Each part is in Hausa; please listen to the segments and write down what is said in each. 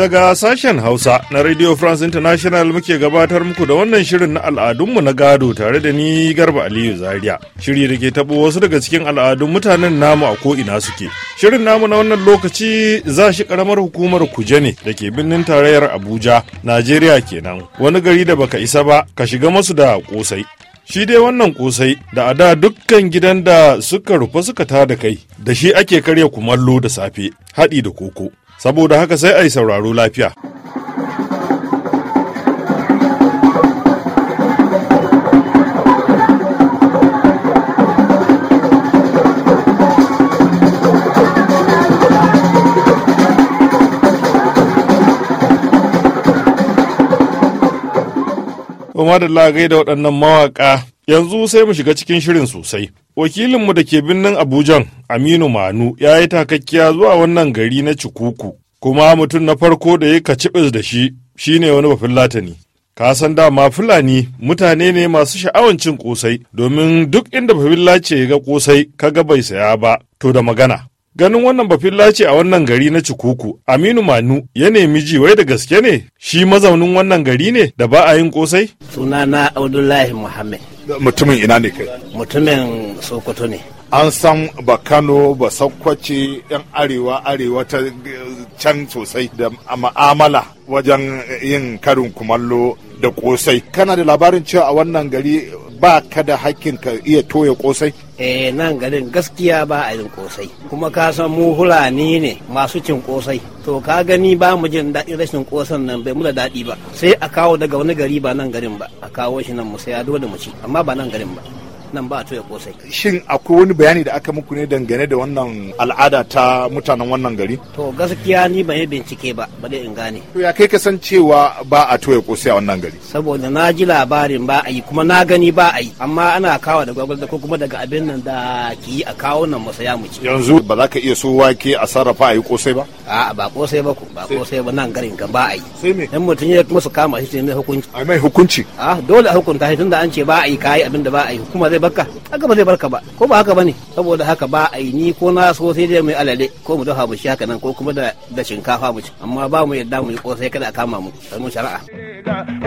Daga sashen Hausa na Radio France International muke gabatar muku da wannan shirin na al'adunmu na gado tare da ni Garba Aliyu Zaria. Shiri da ke tabo wasu daga cikin al'adun mutanen namu a ko'ina suke. Shirin namu na wannan lokaci za shi ƙaramar hukumar Kuje ne da ke birnin tarayyar Abuja, Najeriya kenan. Wani gari da baka isa ba, ka shiga masu da kosai shi dai wannan kosai da a da dukkan gidan da suka rufe suka tada kai da shi ake karya kumallo da safe haɗi da koko saboda haka sai a yi sauraro lafiya. Kuma da lagai da waɗannan mawaƙa yanzu sai mu shiga cikin shirin sosai. Wakilinmu da ke birnin Abujan, Aminu Manu, ya yi takakkiya zuwa wannan gari na Cikuku, kuma mutum na farko da ya kacibis da shi shine wani bafin latani. Ka san dama Fulani mutane ne masu sha'awan cin kosai, domin duk inda bafin lace ya ga kosai kaga bai saya ba, to da magana. Ganin wannan bafilla ce a wannan gari na Cikuku, Aminu Manu ya nemi ji wai da gaske ne shi mazaunin wannan gari ne da ba a yin kosai? Sunana Abdullahi Muhammad. Mutumin ina ne kai? Mutumin Sokoto ne. An san ba Kano ba Sokoci yan arewa arewa ta can sosai da ma'amala wajen yin karin kumallo da kosai. Kana da labarin cewa a wannan gari ba ka da hakkin ka iya toya kosai eh nan garin gaskiya ba a yin kosai kuma ka san mu hulani ne masu cin kosai to ka gani ba mu jin daɗin rashin kosan nan bai mu da daɗi ba sai a kawo daga wani gari ba nan garin ba a kawo shi nan mu sai a dole mu ci amma ba nan garin ba nan ba ya kosai shin akwai wani bayani da aka muku ne dangane da wannan al'ada ta mutanen wannan gari to gaskiya ni ban yi bincike ba ba dai in gane to ya kai cewa ba a ya kosai a wannan gari saboda na ji labarin ba a yi kuma na gani ba a yi amma ana kawo da gwagwarda ko kuma daga abin nan da ki yi a kawo nan masaya mu ci yanzu ba za ka iya so wake a sarrafa a yi kosai ba a ba kosai ba ku ba kosai ba nan garin kan ba a yi sai me yan mutum ya kuma su kama shi ne hukunci a mai hukunci a ah, dole a hukunta shi tunda an ce ba a yi kai abin da ba a yi hukuma zai zai barka haka ba zai barka ba ko ba haka bane saboda haka ba a ni ko na so sai dai mai alale ko mu dafa mu shi haka nan ko kuma da da shinkafa mu ci amma ba mu yadda mu yi kosai kada a kama mu sai mun shari'a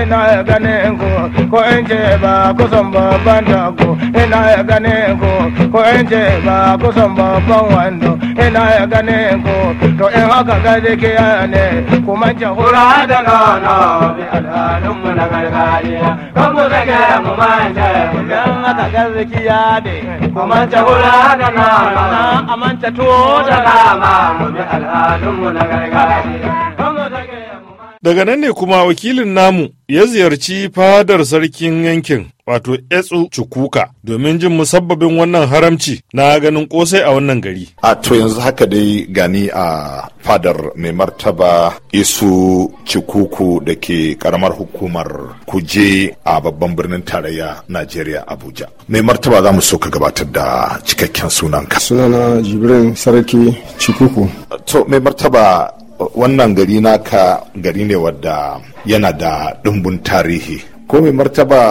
ina ganin ku ko in je ba ku kusan babban ku ina ganin ku ko in je ba ku kusan babban wando ina ganin ku to in haka ga gaskiya ne kuma jahura da nono bi al'adun mu na gargajiya kan mu zage mu manje mu dan haka ne a manta tuwo da nama mu bi Daga nan ne kuma wakilin namu ya ziyarci fadar sarkin yankin wato Etsu cukuka domin jin musabbabin wannan haramci na ganin kosai a wannan gari. A to yanzu haka dai gani a fadar mai martaba Isu cukuku da ke karamar hukumar Kuje a babban birnin tarayya Najeriya Abuja. Mai martaba za mu so ka gabatar da cikakken sunan ka? Sunana Jibrin Sarki Chukuku. To mai martaba wannan gari naka gari ne wadda yana da dumbun tarihi ko mai martaba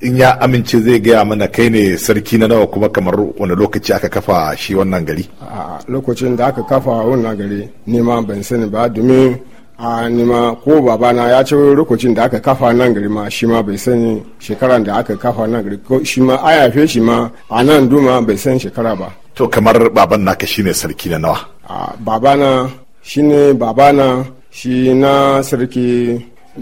in ya amince zai gaya mana kai ne sarki na nawa kuma kamar wani lokaci aka kafa shi wannan gari a lokacin da aka kafa wannan gari nima ban sani ba domin a nima ko babana ya ce lokacin da aka kafa nan gari ma shi ma bai sani shekaran da aka kafa nan gari ko shi ma a yafe shi ma a nan duma bai san shekara ba to kamar baban naka ne sarki na nawa a babana ne babana shi na sarki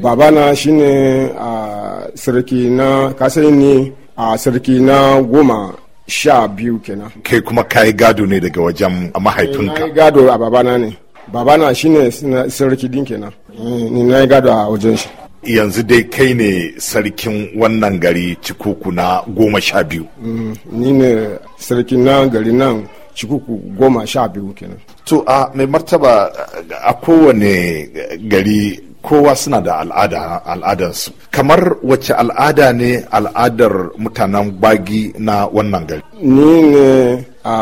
babana shine a sarki na kasai ne a sarki na goma sha biyu kenan kai kuma kayi gado ne daga wajen mahaifinka eh, gado a babana ne babana shine sarki din kenan eh, ni na yi gado a wajen shi yanzu dai kai ne sarkin wannan gari cikuku na goma sha biyu mm-hmm. ni ne sarki na gari nan cikuku goma sha biyu kenan to a mai martaba a kowane gari kowa suna da al'ada al'adansu kamar wacce al'ada ne al'adar mutanen bagi na wannan gari ni ne a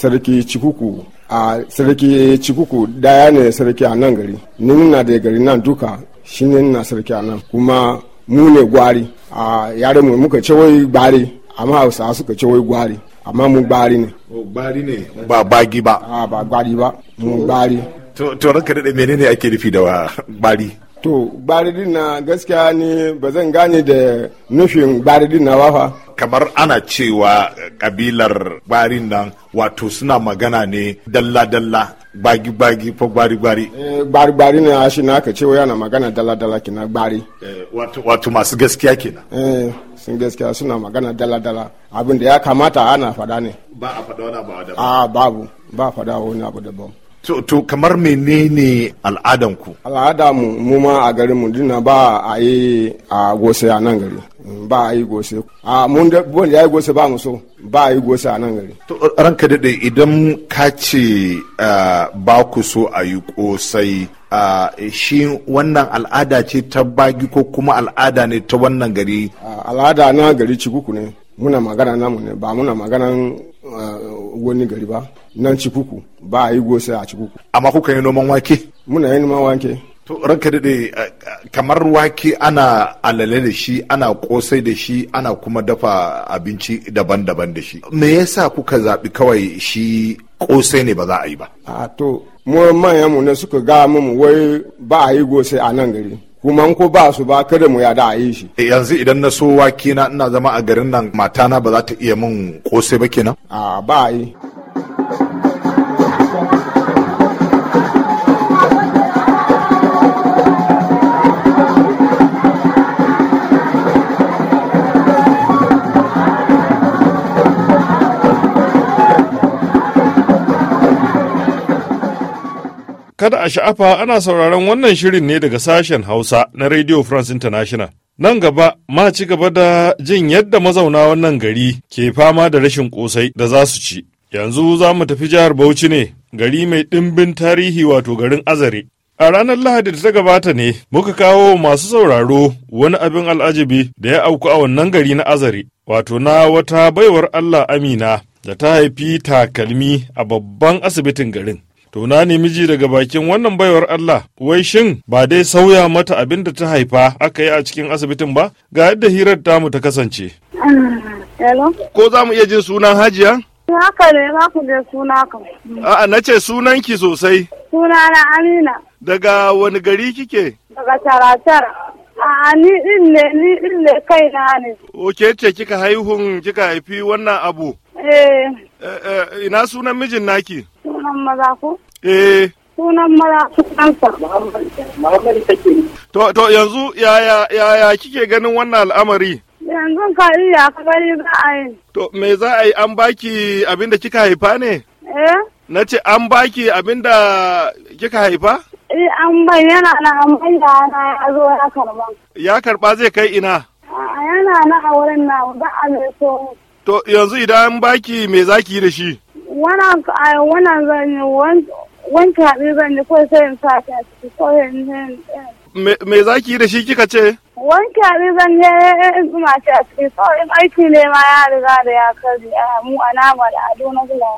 sarki cikuku a sarki cikuku daya ne sarki a nan gari ni na da gari nan duka shi ne na sarki a nan kuma mu ne gwari a yare mu muka ce wai gwari amma hausa suka ce wai gwari amma mu gwari ne oh, gwari ne ba bagi ba a ba gwari ba mu gwari to ranka daɗe menene ake nufi da bari to baridin na gaskiya ne ba zan gane da nufin baridin na wafa kamar ana cewa kabilar barin nan wato suna magana ne dalla-dalla gbagi-gbagi fa gbari-gbari eh, gbari-gbari ne shi na aka cewa yana magana dalla-dalla kina gbari eh, wato masu gaskiya kina eh, sun gaskiya suna magana dala-dala abin da ya kamata ana fada ne ba a fada wani abu a babu ba fada wani abu daban ah, to kamar menene al'adanku al'ada mu ma a garin mu dina ba a yi a gose a nan gari ba a yi gose a mun da ya yi gose ba mu so ba a yi gose a nan gari to ranka dade idan ka ce ba ku so a yi kosai shi wannan al'ada ce ta bagi ko kuma al'ada ne ta wannan gari al'ada na gari ciku ne muna magana namu ne ba muna magana. Eh, wani gari ba nan cikuku ba a yi gosa a cikuku amma kuka yi noman wake muna yi noman wake to ranka daɗe eh, kamar wake ana alale da shi ana kosai da shi ana kuma dafa abinci daban-daban da shi me yasa kuka zaɓi kawai shi kosai ne ba za a yi ba a ah, to mu manyan mu ne suka ga mu wai ba a yi gosai a nan gari kuma ko ba su ba kada mu yada a yi shi. Eh, yanzu idan na so wake na ina zama a garin nan Mata na ba za ta iya min kosai ba kenan. a ba yi. kada a sha'afa ana sauraron wannan shirin ne daga sashen Hausa na Radio France International. Nan gaba ma ci gaba da jin yadda mazauna wannan gari ke fama da rashin kosai da za su ci. Yanzu za mu tafi jihar Bauchi ne, gari mai ɗimbin tarihi wato garin Azare. A ranar Lahadi da ta gabata ne muka kawo masu sauraro wani abin al'ajabi da ya auku a wannan gari na Azare, wato na wata baiwar Allah Amina da ta haifi takalmi a babban asibitin garin. To na miji daga bakin wannan baiwar Allah, wai shin ba dai sauya mata abin da ta haifa aka yi a cikin asibitin ba? Ga yadda hirar tamu ta kasance. Mm, Ko za mu iya jin sunan hajiya? Eh, haka ne za ku je suna kan. A'a na ce ki sosai. Suna na Amina. Daga wani gari kike? Daga Taratar. A'a ni din ne ni din ne kai na ne. Oke ce kika haihun kika haifi wannan abu? Eh, eh. Eh, ina sunan mijin naki? Sunan maza ko? Eh. Sunan maza sunansa. Muhammadu take. To to yanzu yaya yaya kike ganin wannan al'amari? Yanzu ka iya ka gani za a yi. To me za a yi an baki abin da kika haifa ne? Eh. Na ce an baki abin da kika haifa? Eh an ban yana na amfani da na ya zo ya karba. Ya karba zai kai ina? Yana na a wurin na ba a mai so To yanzu idan baki me za ki yi da shi? Wannan wannan zan yi wanke haɗe zan yi kawai sai in sa ta ciki kawai in Me za ki yi da shi kika ce? Wanke haɗe zan yi eh, eh, in zuma ta ciki kawai in aiki ne ma ya riga da ya karbi mu a nama da ado na gula.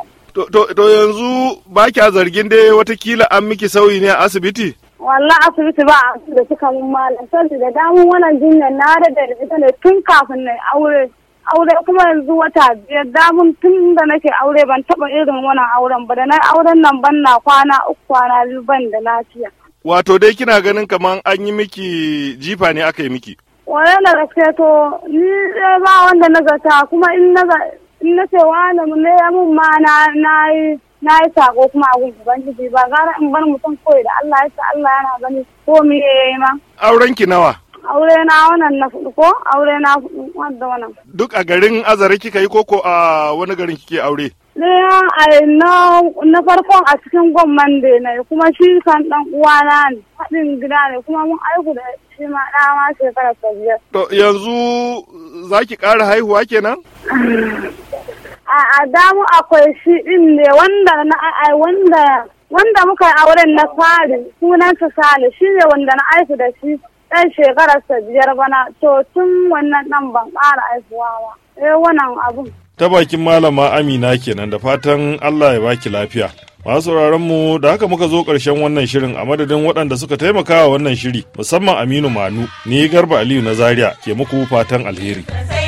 To yanzu ba kya zargin dai watakila an miki sauyi ne a asibiti? wallah asibiti ba a da suka mun malam saboda da damun wannan jinyar na da ita ne tun kafin na aure aure kuma yanzu wata biyar damun tun da nake aure ban taba irin wannan auren ba da na auren nan ban na kwana uku kwana biyu ban da lafiya. Wato dai kina ganin kamar an yi miki jifa ne aka yi miki? Wane na gaske to ni ba wanda na zata, kuma in na ce wani ne ya mun ma na yi na yi sako kuma a gudu ban ba gara in bar mutum koyi da Allah ya sa Allah yana gani ko me ya yi ma. Auren ki nawa? aure na wannan na fudu ko aure na fudu wanda wannan duk a garin azare kika yi koko a wani garin kike aure Ɗayan na, na farkon a cikin gwamman da na kuma shi kan uwa uwana ne haɗin gida ne kuma mun aiku da shi ma ɗa ma shekara ta biyar. To yanzu za ki ƙara haihuwa kenan? A damu akwai shi ɗin ne wanda na ai wanda wanda muka yi auren na fari sunansa Sale shi ne wanda na aiku da shi ɗan shekararsa biyar bana to tun wannan ɗan ban ƙara haihuwa ba eh wannan abun. ta bakin malama amina kenan da fatan allah ya baki lafiya masu mu da haka muka zo ƙarshen wannan shirin a madadin waɗanda suka taimakawa wannan shiri musamman aminu manu ne garba aliyu na zaria ke muku fatan alheri.